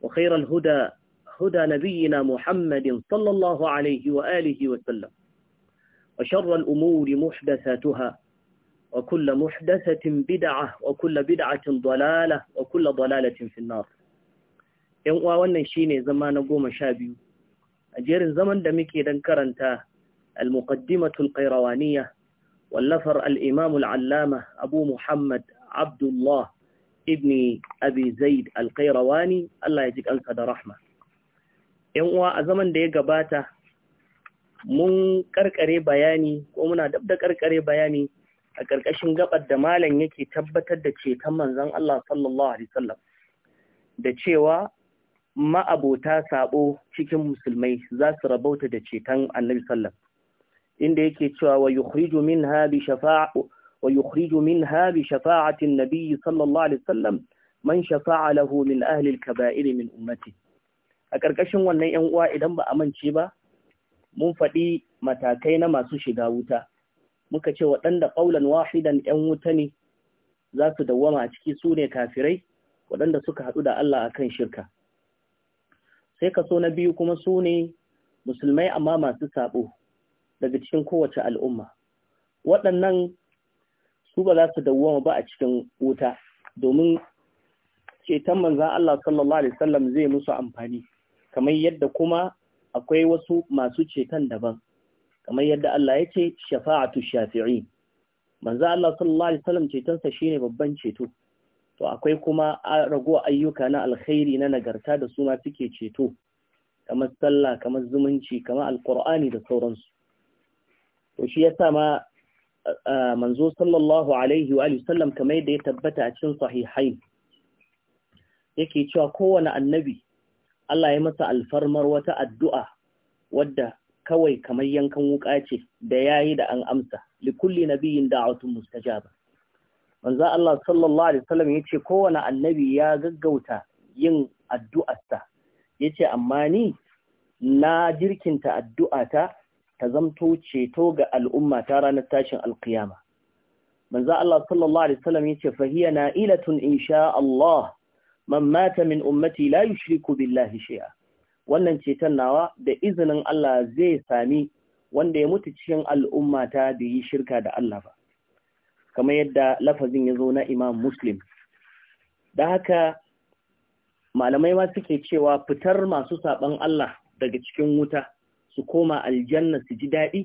وخير الهدى هدى نبينا محمد صلى الله عليه وآله وسلم وشر الأمور محدثاتها وكل محدثة بدعة وكل بدعة ضلالة وكل ضلالة في النار يوم شيني زمان قوم شابي أجير زمن دمكي دنكرنتا المقدمة القيروانية واللفر الإمام العلامة أبو محمد عبد الله ibn abi zaid al Allah ya ji kansa da rahma yan uwa a zaman da ya gabata mun karkare bayani ko muna dab da karkare bayani a karkashin gabar da malam yake tabbatar da ceton manzon Allah sallallahu alaihi wasallam da cewa ma'abota sabo cikin musulmai za su rabauta da ceton annabi sallallahu inda yake cewa wa yukhriju minha bi shafa'u. ويخرج منها بشفاعة النبي صلى الله عليه shafa'a lahu min ahli al-kaba'ir min ummati a karkashin wannan yan uwa idan ba amince ba mun faɗi matakai na masu shiga wuta muka ce waɗanda qaulan wahidan yan wuta ne za su dawwama a ciki sune kafirai waɗanda suka haɗu da Allah akan shirka sai kaso na biyu kuma sune musulmai amma masu sabo daga cikin kowace al'umma waɗannan su ba za su dawwama ba a cikin wuta domin ceton manzan Allah sallallahu alaihi wasallam zai musu amfani kamar yadda kuma akwai wasu masu ceton daban kamar yadda Allah ya ce shafa'atu shafi'i manzan Allah sallallahu alaihi wasallam cetonsa shi ne babban ceto to akwai kuma rago ayyuka na alkhairi na nagarta da suna suke ceto kamar sallah kamar zumunci kamar Alƙur'ani da sauransu to shi sa ma manzo sallallahu alaihi wa sallam kamar yadda ya tabbata a cikin sahihai yake cewa kowane annabi Allah ya masa alfarmar wata addu'a wadda kawai kamar yankan wuka ce da yayi da an amsa likulli nabiyin da'atun mustajaba manzo Allah sallallahu alaihi wasallam yace kowane annabi ya gaggauta yin addu'arsa yace amma ni na jirkinta addu'ata ta zamto ceto ga al'umma ta ranar tashin alkiyama. Manza Allah sallallahu Alaihi wasallam ya ce, Fahiya na ilatun insha Allah, man mata min ummati la yushriku billahi shi'a. Wannan ceton nawa da izinin Allah zai sami wanda ya mutu cikin al'umma ta da yi shirka da Allah ba. Kamar yadda lafazin ya zo na Imam Muslim. Da haka, malamai ma suke cewa fitar masu saɓan Allah daga cikin wuta. su koma aljanna su ji daɗi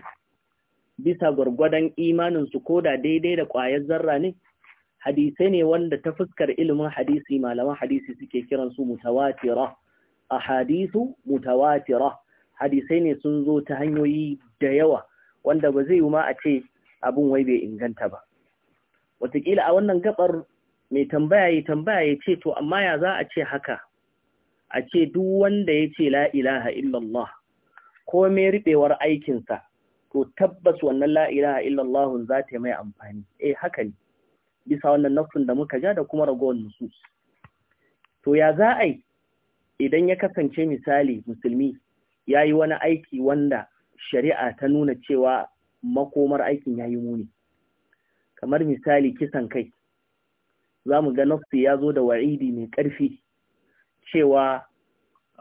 bisa gwargwadon imanin su da daidai da ƙwayar zarra ne hadisai ne wanda ta fuskar ilimin hadisi malaman hadisi suke kiran su mutawatira hadisu mutawatira hadisai ne sun zo ta hanyoyi da yawa wanda ba zai yi ma a ce abin wai bai inganta ba Wataƙila a wannan gabar mai tambaya ya tambaya ya ce to amma ya za a ce haka a ce duk wanda ya ce la illallah komai riɓewar aikinsa, to tabbas wannan la'ira illallahun za ta mai amfani, eh haka ne, bisa wannan nafsun da muka ja da kuma ragowar nusus. To ya za a idan ya kasance misali musulmi ya yi wani aiki wanda shari'a ta nuna cewa makomar aikin ya yi muni, kamar misali kisan kai, za mu ga nafsu ya zo da wa'idi mai ƙarfi cewa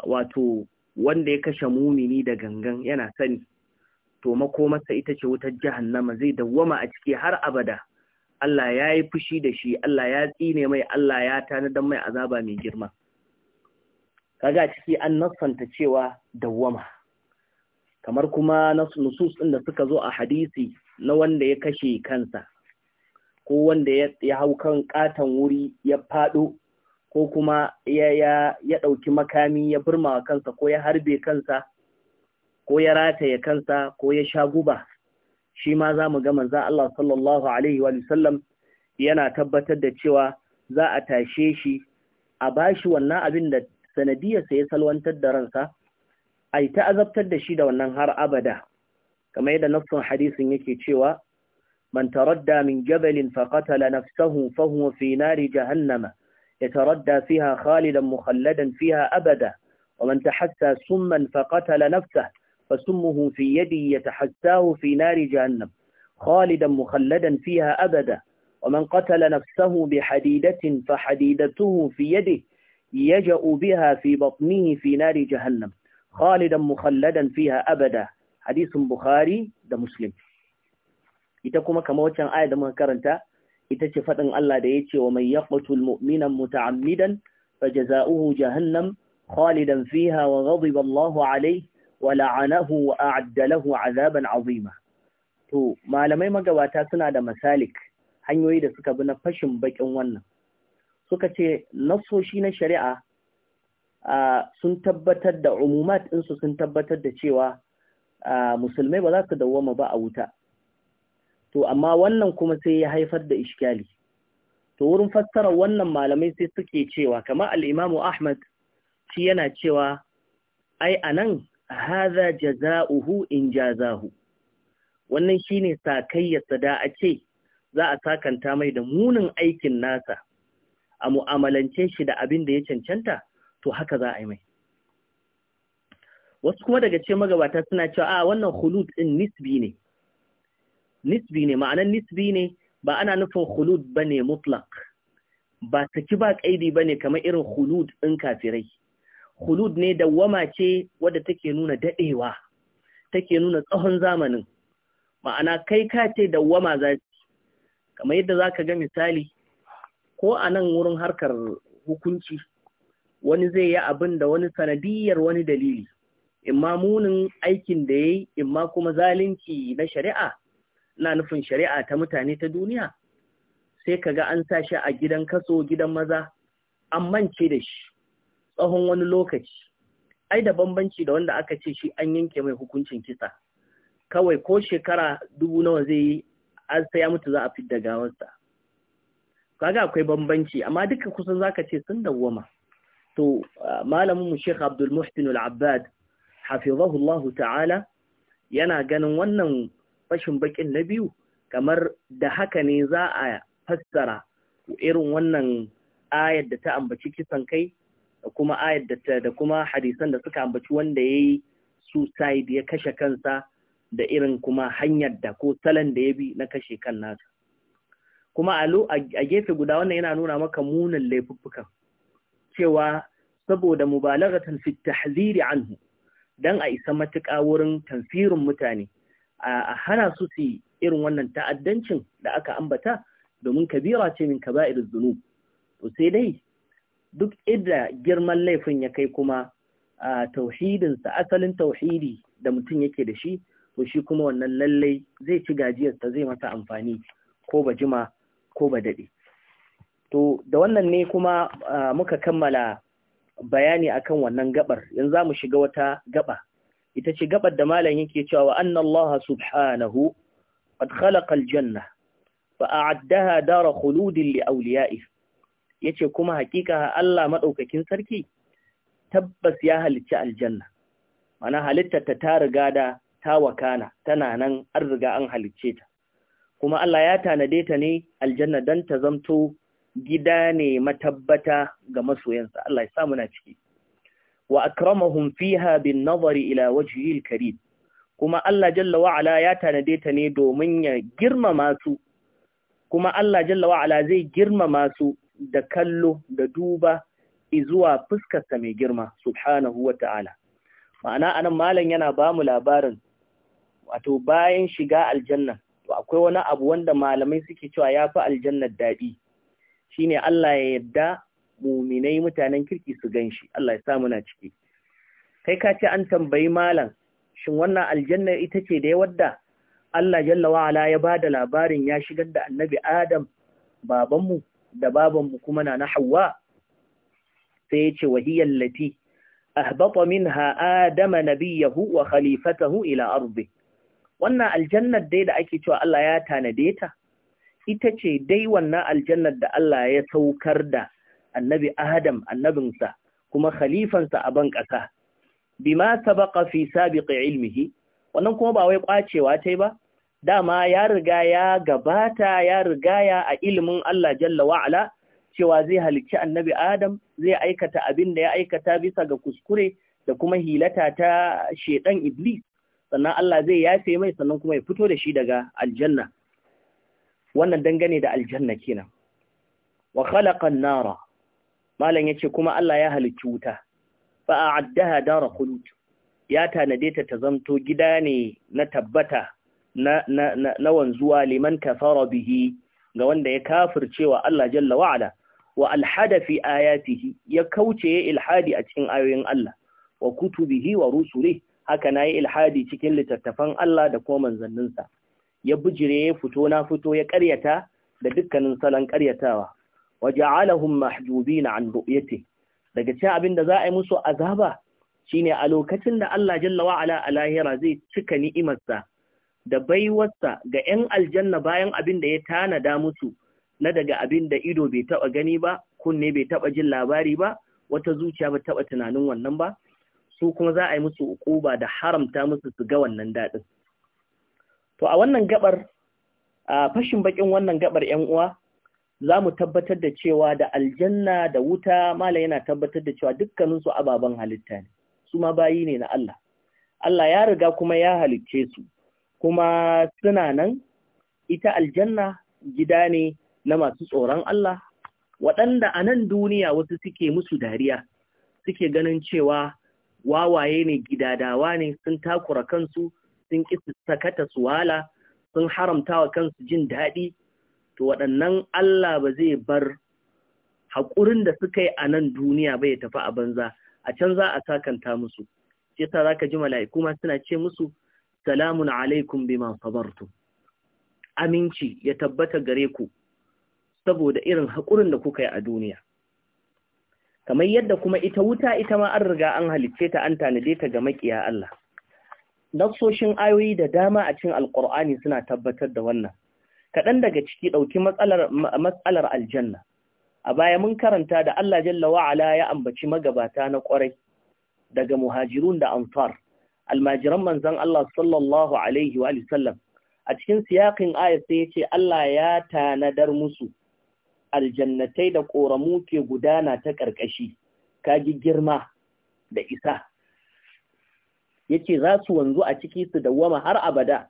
wato wanda ya kashe mumini da gangan yana sani to makomarsa ita ce wutar jahannama zai dawwama a ciki har abada Allah ya yi fushi da shi Allah ya tsine mai Allah ya da mai azaba mai girma kaga ciki an nasanta cewa dawwama kamar kuma nusus ɗin da suka zo a hadisi na wanda ya kashe kansa ko wanda ya hau kan katon wuri ya faɗo ko kuma ya ya ya ɗauki makami ya wa kansa ko ya harbe kansa ko ya rataye kansa ko ya sha guba shi ma za mu ga manzan Allah sallallahu Alaihi yana tabbatar da cewa za a tashe shi a bashi wannan abin da sanadiyarsa ya salwantar da ransa a yi ta'azabtar da shi da wannan har abada kamar yadda nafsun hadisin yake cewa man taradda min jabalin faqatala nafsahu fahuwa fi nari jahannama يتردى فيها خالدا مخلدا فيها أبدا ومن تحسى سما فقتل نفسه فسمه في يدي يتحساه في نار جهنم خالدا مخلدا فيها أبدا ومن قتل نفسه بحديدة فحديدته في يده يجأ بها في بطنه في نار جهنم خالدا مخلدا فيها أبدا حديث بخاري ده مسلم ita kuma kamar waccan aya da ita ce faɗin Allah da ya ce wa mai yaqtul mu'minan muta'ammidan jaza'uhu jahannam khalidan fiha wa ghadiba Allahu alayhi wa la'anahu wa a'adda lahu 'adaban 'azima to malamai magabata suna da masalik hanyoyi da suka bi na fashin bakin wannan suka ce nasoshi na shari'a sun tabbatar da umumat ɗinsu sun tabbatar da cewa musulmai ba za su dawwama ba a wuta to amma wannan kuma sai ya haifar da iskali to wurin fassara wannan malamai sai suke cewa kamar al-Imam Ahmad shi yana cewa ai anan hadha jazaohu in jazahu wannan shine sakayyarsa da a ce za a sakanta mai da munin aikin nasa a mu'amalance shi da abin da ya cancanta to haka za a yi mai wasu kuma daga ce magabata suna cewa a wannan hulud ɗin nisbi ne nisbi ne ma'anan nisbi ne ba ana nufin khulud bane mutlak ba saki ba kaidi bane kamar irin khulud din kafirai khulud ne dawwama ce wadda take nuna dadewa take nuna tsahon zamanin ma'ana kai ka ce dawwama za kamar yadda zaka ga misali ko a nan wurin harkar hukunci wani zai yi abin da wani sanadiyar wani dalili imma munin aikin da yayi imma kuma zalunci na shari'a na nufin shari'a ta mutane ta duniya sai kaga an sa shi a gidan kaso gidan maza an mance da shi tsohon wani lokaci ai da bambanci da wanda aka ce shi an yanke mai hukuncin kisa kawai ko shekara dubu nawa zai yi an sai ya mutu za a fi da gawarsa kaga akwai bambanci amma duka kusan zaka ce sun dawwama to malamin mu Sheikh Abdul Muhsin Al-Abbad hafizahu Allah ta'ala yana ganin wannan fashin bakin na biyu kamar da haka ne za a fassara irin wannan ayar da ta ambaci kisan kai da kuma ayar da kuma hadisan da suka ambaci wanda ya yayi suicide ya kashe kansa da irin kuma hanyar da ko salon da ya bi na kashe kan nasa kuma a gefe guda wannan yana nuna maka munin laifuffuka cewa saboda mubalaghatan fi tahziri anhu dan a isa matuƙa wurin tamfirin mutane a hana su su irin wannan ta'addancin da aka ambata domin kabira ce min kaba'ir zunub to sai dai duk idda girman laifin ya kai kuma tauhidin sa asalin tauhidi da mutum yake da shi to shi kuma wannan lallai zai ci gajiyar ta zai masa amfani ko ba jima ko ba dade to da wannan ne kuma muka kammala bayani akan wannan gabar yanzu za mu shiga wata gaba ita ce gabar da malam yake cewa anna Allah subhanahu qad khalaqa al-janna fa a'addaha dar khulud li awliya'i yace kuma hakika Allah madaukakin sarki tabbas ya halicci aljanna mana halittar ta ta riga da ta wakana tana nan an riga an halicce ta kuma Allah ya tanade ta ne aljanna dan ta zamto gida ne matabbata ga masoyansa Allah ya sa muna ciki wa akramahum fiha bin nazari ila wajhil karim kuma Allah jalla wa ala ya tanade ta ne domin ya girmama su kuma Allah jalla wa ala zai girmama su da kallo da duba zuwa fuskarsa mai girma subhanahu wa ta'ala ma'ana anan malam yana bamu labarin wato bayan shiga aljanna to akwai wani abu wanda malamai suke cewa ya fi aljannar daɗi shine Allah ya yadda muminai mutanen kirki su gan shi Allah ya sa muna ciki kai ka ce an tambayi malam shin wannan aljanna ita ce da ya wadda Allah jalla ala ya bada labarin ya shigar da annabi Adam babanmu da babanmu kuma na na Hawwa sai ya ce wahiyar lati ahbata haadama adama nabiyahu wa khalifatahu ila ardi wannan aljannar dai da ake cewa Allah ya tanade ta ita ce dai wannan aljannar da Allah ya saukar da annabi Adam annabinsa kuma khalifansa a ban ƙasa bima sabaka fi sabiqi ilmihi wannan kuma ba wai kwacewa tai ba dama ya riga ya gabata ya riga ya a ilimin Allah jalla wa ala cewa zai halicci annabi Adam zai aikata abin da ya aikata bisa ga kuskure da kuma hilata ta shedan Iblis sannan Allah zai yafe mai sannan kuma ya fito da shi daga aljanna wannan dangane da aljanna kenan wa khalaqan nara malam ce kuma Allah ya halicci wuta fa addaha dara khulud ya tanade ta ta zamto gida ne na tabbata na wanzuwa liman kafara bihi ga wanda ya cewa Allah jalla wa ala wa alhada fi ayatihi ya kauce ya ilhadi a cikin ayoyin Allah wa kutubihi wa rusulihi haka na yi ilhadi cikin littattafan Allah da kuma manzanninsa, ya bijire ya fito na fito ya ƙaryata da dukkanin salon ƙaryatawa, waja'alahum mahjubina an ru'yati daga cikin abin da za a yi musu azaba shine a lokacin da Allah jalla wa ala alahira zai cika ni'imarsa da baiwarsa ga 'yan aljanna bayan abin da ya tanada musu na daga abin da ido bai taba gani ba kunne bai taba jin labari ba wata zuciya ba taba tunanin wannan ba su kuma za a yi musu ukuba da haramta musu su ga wannan dadin to a wannan gabar a fashin bakin wannan gabar 'yan uwa za mu tabbatar da cewa da aljanna da wuta mala yana tabbatar da cewa dukkaninsu ababen halitta ne su ma bayi ne na Allah Allah ya riga kuma ya halicce su kuma suna nan ita aljanna gida ne na masu tsoron Allah waɗanda a nan duniya wasu suke musu dariya suke ganin cewa wawaye ne gidadawa ne sun takura kansu sun ƙi sakata su wala sun haramta wa kansu jin daɗi to waɗannan Allah ba zai bar haƙurin da suka yi a nan duniya ba ya tafi a banza a can za a sakanta musu shi yasa zaka ji mala'iku ma suna ce musu salamun alaikum bima sabartum aminci ya tabbata gare ku saboda irin haƙurin da kuka yi a duniya kamar yadda kuma ita wuta ita ma an riga an halicce ta an tanade ta ga makiya Allah nassoshin ayoyi da dama a cikin Alƙur'ani suna tabbatar da wannan kaɗan daga ciki ɗauki matsalar aljanna a baya mun karanta da Allah jalla wa'ala ya ambaci magabata na ƙwarai daga muhajirun da amfar almajiran Manzon Allah sallallahu alaihi wa sallam a cikin siyakin ayat sai ya ce Allah ya tanadar musu aljannatai da ƙoramu ke gudana ta ƙarƙashi kagi girma da isa yace za su wanzu a ciki su dawwama har abada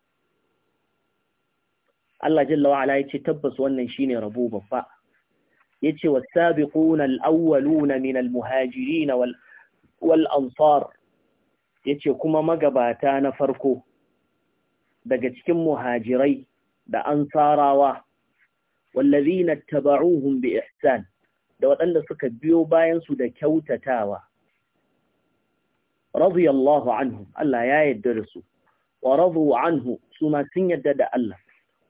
Allah jalla wa ala yace tabbas wannan shine rabo babba yace was-sabiquna al-awwaluna min al-muhajirin wal ansar yace kuma magabata na farko daga cikin muhajirai da ansarawa wallazina tabauhum bi ihsan da waɗanda suka biyo bayan su da kyautatawa radiyallahu anhu Allah ya yarda da su wa radu anhu su sun yarda da Allah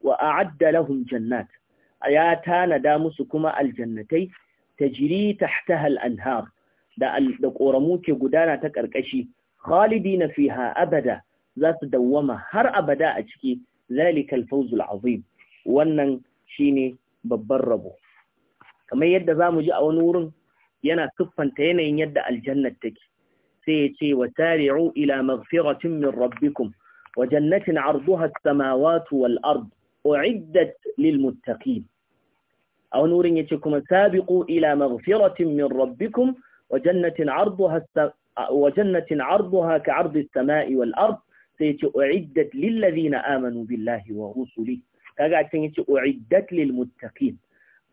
wa a'adda lahum jannat ya tanada musu kuma aljannatai ta jiri al-anhar da da ke gudana ta karkashi khalidina fiha abada za su dawwama har abada a ciki zalika al azim wannan shine babban rabo kamar yadda za mu ji a wani wurin yana siffanta yanayin yadda aljannat take sai ya ce wa tari'u ila maghfiratin min rabbikum wa jannatin 'arduha samawatu wal-ard uiddat lil muttaqin wurin yace kuma sabiqu ila maghfiratin min rabbikum wa jannatin 'arduha wa jannatin 'arduha ka'ardi samai wal ard sai yace uiddat lil ladina amanu billahi wa rusulihi kaga can yace uiddat lil muttaqin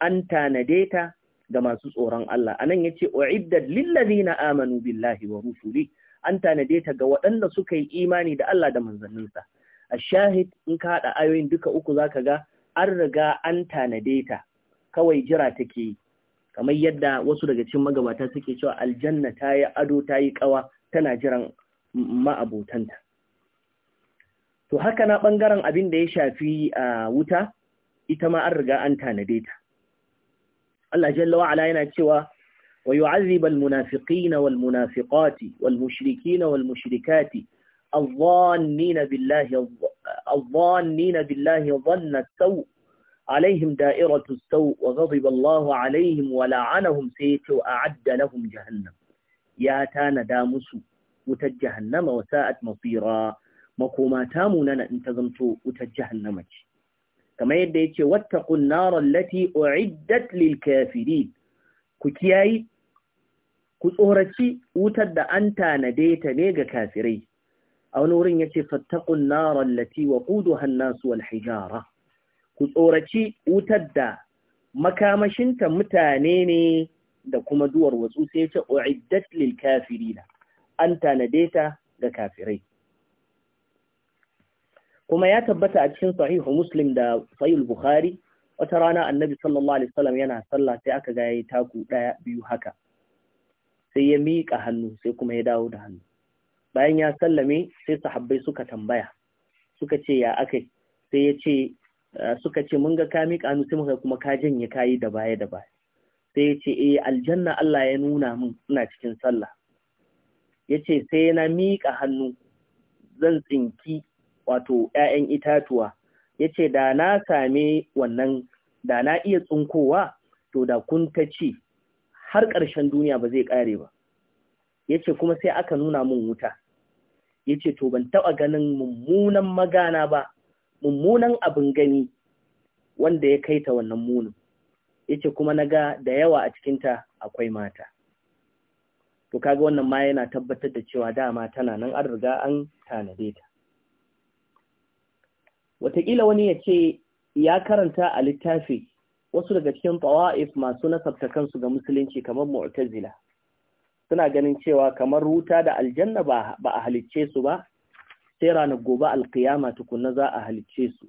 an tanadeta ga masu tsoron Allah anan yace uiddat lil ladina amanu billahi wa rusulihi an tanade ta ga waɗanda suka yi imani da Allah da manzanninsa a shahid in ka haɗa ayoyin duka uku za ka ga an riga an tanade ta kawai jira take yi kamar yadda wasu daga cikin magabata suke cewa aljanna ta yi ado ta yi kawa tana jiran ma'abotanta to haka na ɓangaren abin da ya shafi a wuta ita ma an riga an tanade ta Allah jalla wa'ala yana cewa wa yu'azzibal munafiqina wal munafiqati wal mushrikina wal mushrikati الظانين بالله الظانين بالله ظن السوء عليهم دائرة السوء وغضب الله عليهم ولعنهم سيت وأعد لهم جهنم يا تانا دامسو وتجهنم وساءت مصيرا مقوما تامونا انتظمتو وتجهنم كما يدي واتقوا النار التي أعدت للكافرين كتياي كتورتي وتد أنت نديت نيغا كافرين a wani wurin yace fattaqun nar allati waquduha an-nas wal hijara ku tsoraci wutar da makamashinta mutane ne da kuma duwar watsu sai yace uiddat lil na an tanade ta ga kafirai kuma ya tabbata a cikin sahihu muslim da sahihul bukhari wata rana annabi sallallahu alaihi wasallam yana sallah sai aka ga yayi taku daya biyu haka sai ya miƙa hannu sai kuma ya dawo da hannu bayan ya sallame sai sahabbai suka tambaya suka ce ya akai sai ya ce ah, suka ce mun ga ka miƙa hannu sai muka kuma ka janye kayi da baya da baya sai ya ce eh aljanna Allah ya nuna min ina cikin sallah ya ce sai na miƙa hannu zan tsinki wato ‘ya'yan itatuwa ya ce da na same wannan da na iya tsinkowa to da kun ta ci har ƙarshen duniya ba zai ƙare ba ya ce kuma sai aka nuna mun wuta ya ce to ban taɓa ganin mummunan magana ba mummunan abin gani wanda ya kai ta wannan munin ya ce kuma na ga da yawa a cikinta akwai mata to kaga wannan ma yana tabbatar da cewa dama tana nan an riga an tanade ta wataƙila wani ya ce ya karanta a littafi wasu daga cikin fawa'if masu nasabta kansu ga musulunci kamar mu'tazila suna ganin cewa kamar Ruta da aljanna ba a halicce su ba sai ranar gobe alkiyama tukunna za a halicce su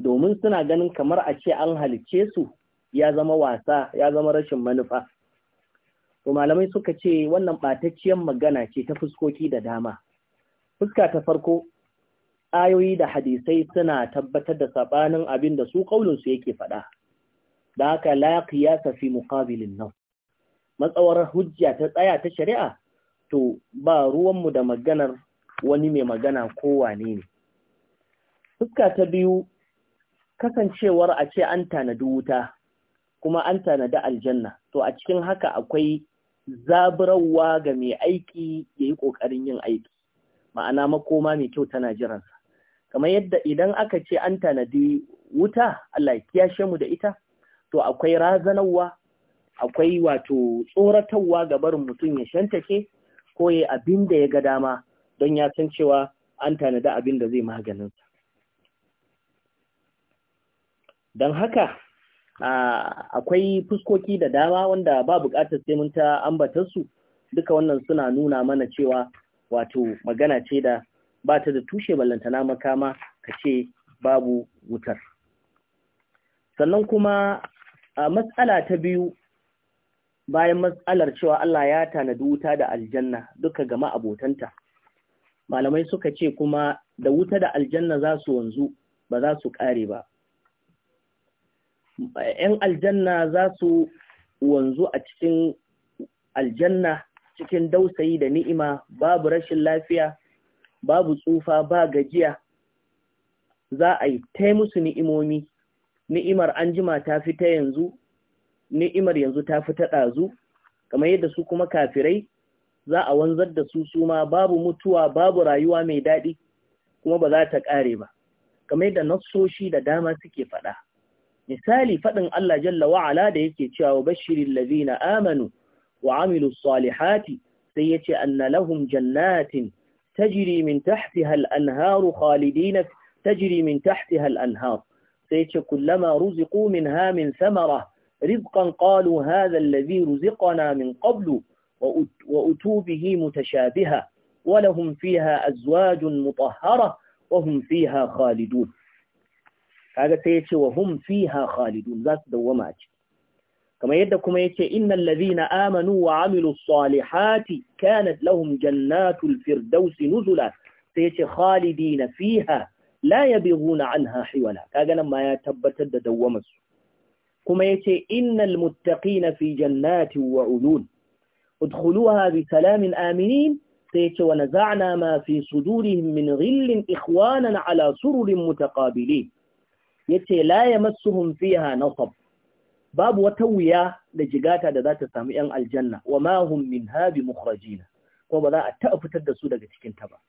domin suna ganin kamar a ce an halicce su ya zama wasa ya zama rashin manufa to malamai suka ce wannan batacciyar magana ce ta fuskoki da dama fuska ta farko ayoyi da hadisai suna tabbatar da sabanin abin da su kaulinsu yake faɗa da haka la qiyasa fi muqabilin nas matsawar hujja ta tsaya ta shari'a to ba ruwanmu da maganar wani mai magana kowane ne fuska ta biyu kasancewar a ce an tanadi wuta kuma an tanadi aljanna to a cikin haka akwai zaburarwa ga mai aiki ya yi ƙoƙarin yin aiki ma'ana makoma mai kyau tana jiransa kamar yadda idan aka ce an tanadi wuta Allah ya kiyashe mu da ita to akwai razanarwa akwai wato tsoratarwa ga barin mutum ya shantake ko ya abin da ya ga dama don ya san cewa an tanada abin da zai maganin don haka akwai fuskoki da dama wanda ba buƙatar sai mun ta ambatarsu duka wannan suna nuna mana cewa wato magana ce da ba ta da tushe ballantana makama ka ce babu wutar sannan kuma a matsala ta biyu bayan matsalar cewa Allah ya tanadi wuta da aljanna duka gama abotanta malamai suka ce kuma da wuta da aljanna za su wanzu ba za su ƙare ba ‘yan aljanna za su wanzu a cikin aljanna cikin dausayi da ni'ima babu rashin lafiya babu tsufa ba gajiya za a yi ta musu ni'imomi ni'imar an jima ta fi ta yanzu ni'imar yanzu ta fi ta ɗazu kamar yadda su kuma kafirai za a wanzar da su suma babu mutuwa babu rayuwa mai daɗi kuma ba za ta ƙare ba kamar yadda nassoshi da dama suke faɗa misali faɗin Allah jalla wa'ala da yake cewa bashirin lazina amanu wa amilu salihati sai yace anna lahum jannatin tajri min tahtiha al-anhar khalidina tajri min tahtiha anhar sai yace kullama ruziqu minha min Samara! رزقا قالوا هذا الذي رزقنا من قبل وأتوا به متشابها ولهم فيها أزواج مطهرة وهم فيها خالدون هذا سيأتي وهم فيها خالدون ذات دوامات كما يدكم يتي إن الذين آمنوا وعملوا الصالحات كانت لهم جنات الفردوس نزلا سيأتي خالدين فيها لا يبغون عنها حولا هذا لما يتبتد دوامته kuma ya ce innal muttaqina fi jannatin wa uyun udkhuluha bi salamin aminin sai ya ce wa naza'na ma fi sudurihim min ghillin ikhwanan ala sururin mutaqabilin yace la yamassuhum fiha nasab babu wata wuya da jigata da za ta samu ‘yan aljanna wa mahum min habi mukhrajina ko ba za a ta'a fitar da su daga cikin ta ba.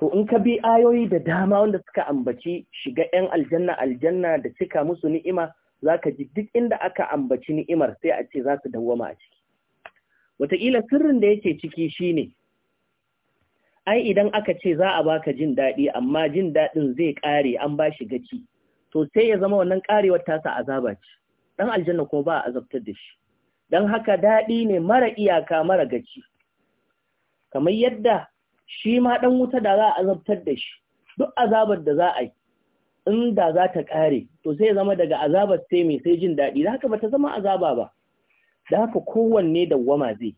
to in ka bi ayoyi da dama wanda suka ambaci shiga 'yan aljanna aljanna da cika musu ni'ima za ka ji duk inda aka ambaci ni'imar sai a ce za su dawwama a ciki wataƙila sirrin da yake ciki shi ne. ai idan aka ce za a baka jin daɗi amma jin daɗin zai ƙare an ba shi gaci to sai ya zama wannan ƙarewar tasa azaba ce ɗan aljanna ko ba a azabtar da shi Don haka daɗi ne mara iyaka mara gaci kamar yadda shi ma ɗan wuta da za a azabtar da shi duk azabar da za a yi in da za ta ƙare to sai zama daga azabar sai mai sai jin daɗi da haka ba ta zama azaba ba da haka kowanne dawwama zai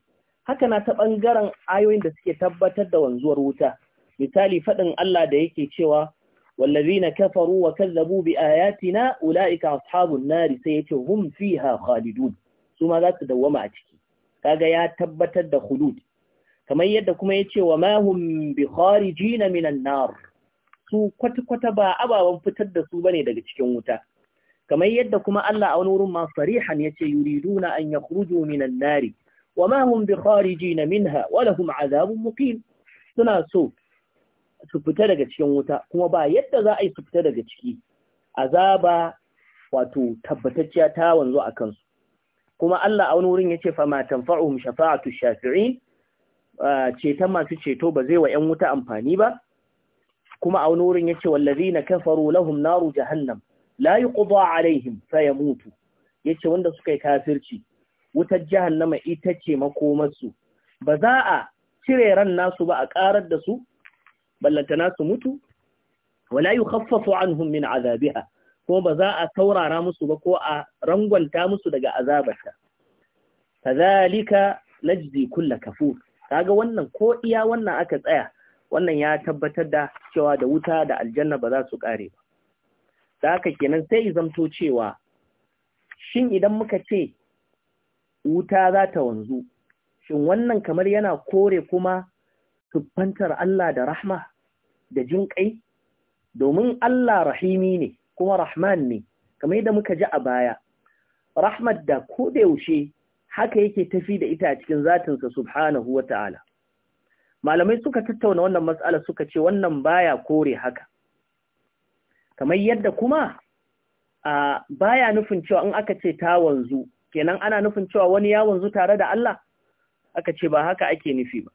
haka na ta ɓangaren ayoyin da suke tabbatar da wanzuwar wuta misali faɗin Allah da yake cewa wallazina kafaru wa kazzabu bi ayatina ulaika ashabun nari sai yace hum fiha khalidun su ma za su dawwama a ciki kaga ya tabbatar da khulud kamar yadda kuma ya ce wa mahum bi kharijina minan nar su kwata-kwata ba ababen fitar da su ba ne daga cikin wuta kamar yadda kuma Allah a wani wurin ma sarihan yace yuriduna an yakhruju minan nar wa mahum bi kharijina minha wa lahum azabun muqim suna so su fita daga cikin wuta kuma ba yadda za a yi su fita daga ciki azaba wato tabbatacciya ta wanzu a kansu kuma Allah a wani wurin yace fa ma tanfa'uhum shafa'atu shafi'in ceton masu ceto ba zai wa ‘yan wuta amfani ba, kuma a wani wurin ya ce wallazi na kafaru lahum naru jahannam, la yi a alaihim sai ya mutu, ya ce wanda suka yi kafirci, wutar jahannama ita ce makomarsu, ba za a cire ran nasu ba a ƙarar da su, ballanta nasu mutu, wala yi khaffafu anhum min azabiha, kuma ba za a saurara musu ba ko a rangwanta musu daga azabarta. Kazalika najdi kulla kafur. kaga wannan ko iya wannan aka tsaya wannan ya tabbatar da cewa da wuta da aljanna ba za su kare ba da haka kenan sai zamto cewa shin idan muka ce wuta za ta wanzu shin wannan kamar yana kore kuma tuffantar Allah da rahma da jin kai domin Allah rahimi ne kuma rahman ne kamar yadda muka ji a baya rahmat da ko da yaushe haka yake tafi da ita a cikin zatinsa subhanahu wa ta'ala. Malamai suka tattauna wannan matsala suka ce wannan baya kore haka. Kamar yadda kuma a baya nufin cewa in aka ce ta wanzu, kenan ana nufin cewa wani ya wanzu tare da Allah, aka ce ba haka ake nufi ba.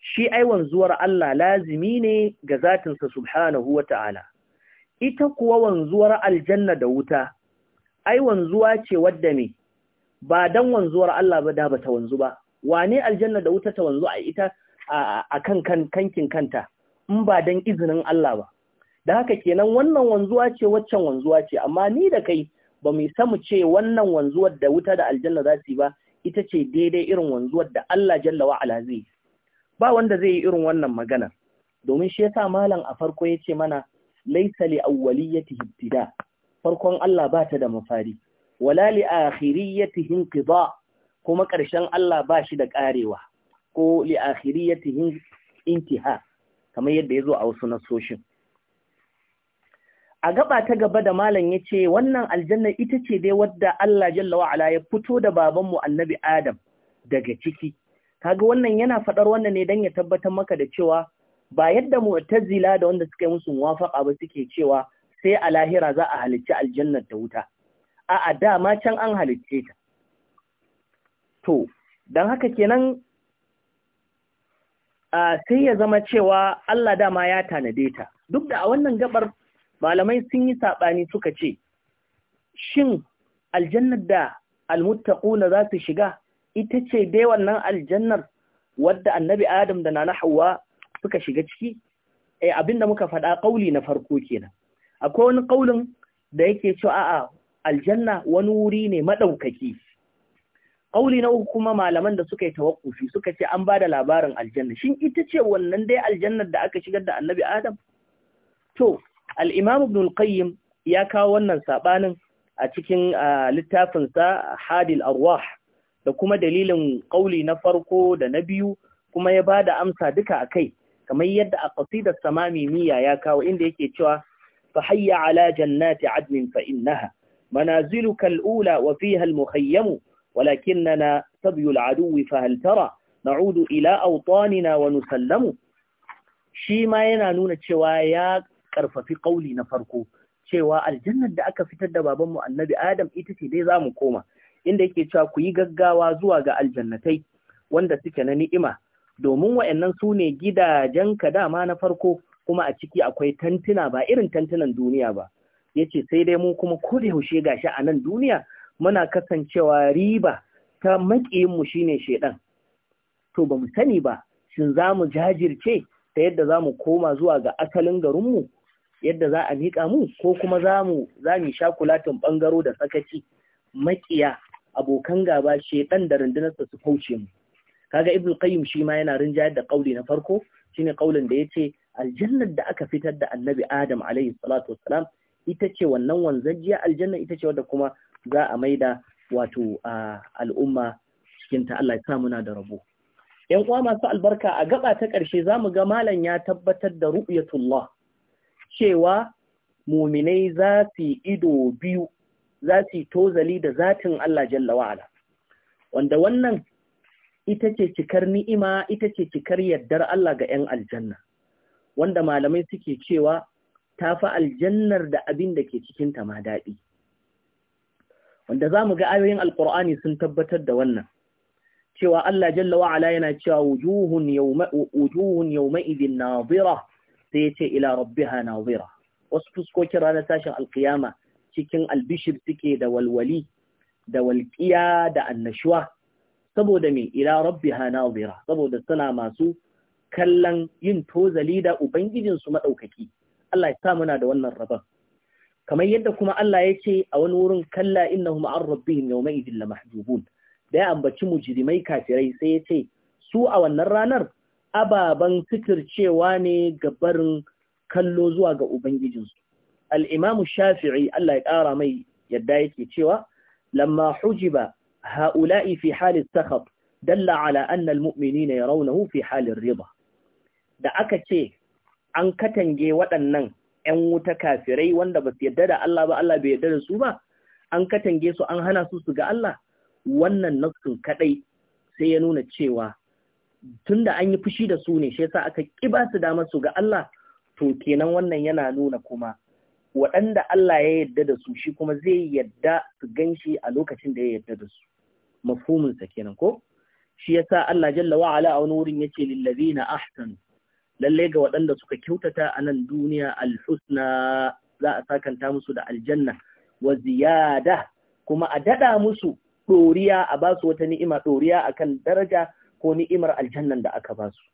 Shi ai wanzuwar Allah lazimi ne ga zatinsa subhanahu wa ta'ala. Ita kuwa wanzuwar aljanna da wuta, ai wanzuwa ce wadda me ba dan wanzuwar Allah ba da ba ta wanzu ba wane aljanna da wuta ta wanzu a ita a kan kankin kanta in ba dan izinin Allah ba da haka kenan wannan wanzuwa ce waccan wanzuwa ce amma ni da kai ba mu samu ce wannan wanzuwar da wuta da aljanna za su yi ba ita ce daidai irin wanzuwar da Allah jalla wa ala zai ba wanda zai yi irin wannan magana domin shi yasa malam a farko yace mana laysa li awwaliyatihi ibtida farkon Allah ba ta da mafari wala li akhiriyatihim qida kuma ƙarshen Allah ba shi da ƙarewa ko li akhiriyatihim intiha kamar yadda yazo a wasu nasoshin a gaba ta gaba da malam yace wannan aljanna ita ce dai wadda Allah jalla wa ala ya fito da babanmu annabi Adam daga ciki kaga wannan yana faɗar wannan ne dan ya tabbatar maka da cewa ba yadda mu'tazila da wanda suka yi musu muwafaqa ba suke cewa sai a lahira za a halicci aljannar ta wuta a'a dama can an halicce ta to don haka kenan sai ya zama cewa Allah dama ya tanade ta duk da a wannan gabar malamai sun yi saɓani suka ce shin aljannar da almuttaquna za su shiga ita ce dai wannan aljannar wadda annabi adam da na hawa suka shiga ciki eh abinda muka faɗa ƙauli na farko kenan akwai wani ƙaulin da yake cewa a'a aljanna wani wuri ne maɗaukaki ƙauli na uku kuma malaman da suka yi tawakkufi suka ce an ba da labarin aljanna shin ita ce wannan dai aljannar da aka shigar da annabi adam to al'imam ibn al-qayyim ya kawo wannan saɓanin a cikin littafinsa hadil arwah da kuma dalilin ƙauli na farko da na biyu kuma ya ba da amsa duka a kai kamar yadda a ƙasidar samami miya ya kawo inda yake cewa fahayya ala jannati adnin fa'innaha منازلك الأولى وفيها المخيم ولكننا سبي العدو فهل ترى نعود إلى أوطاننا ونسلم شيما ينانون تشوايا كرف في قولي نفركو cewa aljannar da aka fitar da babanmu annabi Adam ita ce dai za mu koma, inda yake cewa ku yi gaggawa zuwa ga aljannatai wanda suke na ni'ima, domin wa'yannan su ne gidajenka dama na farko kuma a ciki akwai tantuna ba irin tantunan duniya ba, Ya ce sai dai mu kuma kodayaushe da yaushe a nan duniya muna kasancewa riba ta makiyin mu shine shedan to ba mu sani ba shin za mu jajirce ta yadda za mu koma zuwa ga asalin garinmu yadda za a miƙa mu ko kuma za mu za mu sha kulatin ɓangaro da sakaci maƙiya abokan gaba shedan da rundunarsa su kauce mu kaga ibnu qayyim shi ma yana rinjayar da kauli na farko shine kaulin da yace aljannar da aka fitar da annabi adam alaihi salatu wassalam ita ce wannan wanzajiya aljanna ita ce wadda kuma za a maida wato al'umma cikin ta Allah ya sa muna da rabo ƴan uwa masu albarka a gaba ta ƙarshe zamu ga malam ya tabbatar da ru'yatullah cewa muminai za su ido biyu za su tozali da zatin Allah jalla wa'ala wanda wannan ita ce cikar ni'ima ita ce cikar yardar Allah ga 'yan aljanna wanda malamai suke cewa ta fi aljannar da abin da ke cikinta ma daɗi. Wanda za mu ga ayoyin Alƙur'ani sun tabbatar da wannan, cewa Allah Jalla wa'ala yana cewa wujuhun yawma'idin nazira sai ya ce ila rabbiha nazira. Wasu fuskokin ranar tashin alkiyama cikin albishir suke da walwali, da walƙiya da annashuwa, saboda mai ila rabbiha nazira, saboda suna masu kallon yin tozali da Ubangijinsu maɗaukaki. Allah ya sa muna da wannan rabon kamar yadda kuma Allah ya ce a wani wurin kalla innahum an rabbihim yawma idin la mahjubun da ya ambaci mujirimai kafirai sai ya ce su a wannan ranar ababan fitircewa ne ga barin kallo zuwa ga ubangijinsu al-imam shafi'i Allah ya kara mai yadda yake cewa lamma hujiba ha'ula'i fi halin sakhab dalla ala anna ne muminina yarawnahu fi halin riba da aka ce an katange waɗannan ‘yan wuta kafirai wanda ba su yadda da Allah ba Allah bai yadda da su ba, an katange su an hana su su ga Allah, wannan nassun kaɗai sai ya nuna cewa tun da an yi fushi da su ne, shi sa aka ƙi ba su damar su ga Allah, to kenan wannan yana nuna kuma waɗanda Allah ya yadda da su shi kuma zai yadda su gan shi a lokacin da ya yadda da su. Mafhuminsa kenan ko? Shi ya sa Allah jalla wa'ala a wani wurin ya ce na ahsanu lalle ga waɗanda suka kyautata a nan duniya alhusna za a sakanta musu da aljanna wa ziyada kuma a dada musu ɗoriya a ba su wata ni'ima ɗoriya akan daraja ko ni'imar aljannan da aka ba su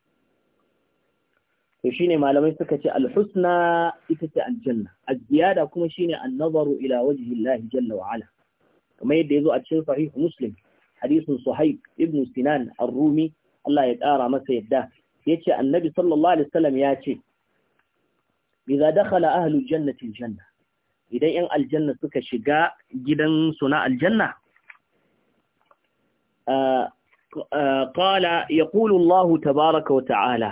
to shine malamai suka ce alhusna ita ce aljanna A ziyada kuma shine ne annabaru ila wajhi Allah jalla wa kamar yadda ya zo a cikin sahih muslim hadisin suhaib ibn sinan ar-rumi Allah ya ƙara masa yadda yace annabi sallallahu alaihi wasallam ya ce idza dakhala ahlul jannati aljanna idan yan aljanna suka shiga gidan su na aljanna qala yaqulu Allah tabaaraka wa ta'ala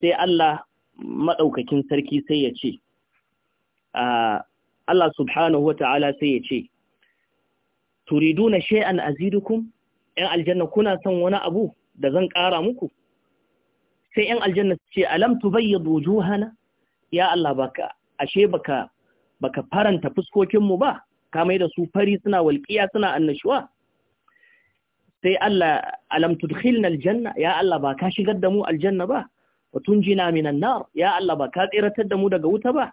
sai Allah madaukakin sarki sai yace Allah subhanahu wa ta'ala sai yace ce turiduna shay'an azidukum yan aljanna kuna son wani abu da zan ƙara muku sai ‘yan aljanna su ce alam tubayyad wujuhana ya Allah baka ashe baka baka faranta fuskokinmu ba ka mai da su fari suna walƙiya suna annashuwa sai Allah alam tudkhilna aljanna ya Allah ba ka shigar da mu aljanna ba wa tunjina minan nar ya Allah ba ka tsiratar da mu daga wuta ba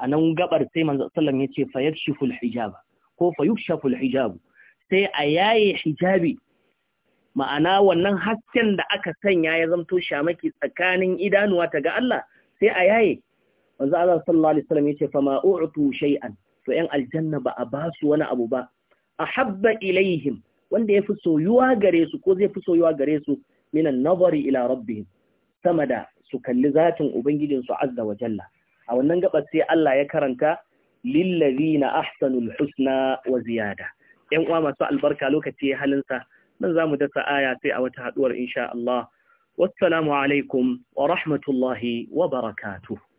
anan gabar sai manzo sallam yace fayakshifu alhijab ko fayukshafu alhijab sai ayaye hijabi ma'ana wannan hasken da aka sanya ya zamto shamaki tsakanin idanuwa ta ga Allah sai a yaye manzo Allah sallallahu alaihi wasallam yace fa ma shay'an to yan aljanna ba a ba su wani abu ba ahabba ilaihim wanda yafi soyuwa gare su ko zai fi soyuwa gare su minan nazari ila rabbihim sama da su kalli zatin ubangijin su azza wa jalla a wannan gabar sai Allah ya karanta lillazina ahsanul husna wa ziyada yan uwa masu albarka lokaci halin sa nan za mu dafa aya sai a wata haɗuwar insha Allah. Wassalamu alaikum wa rahmatullahi wa barakatuh.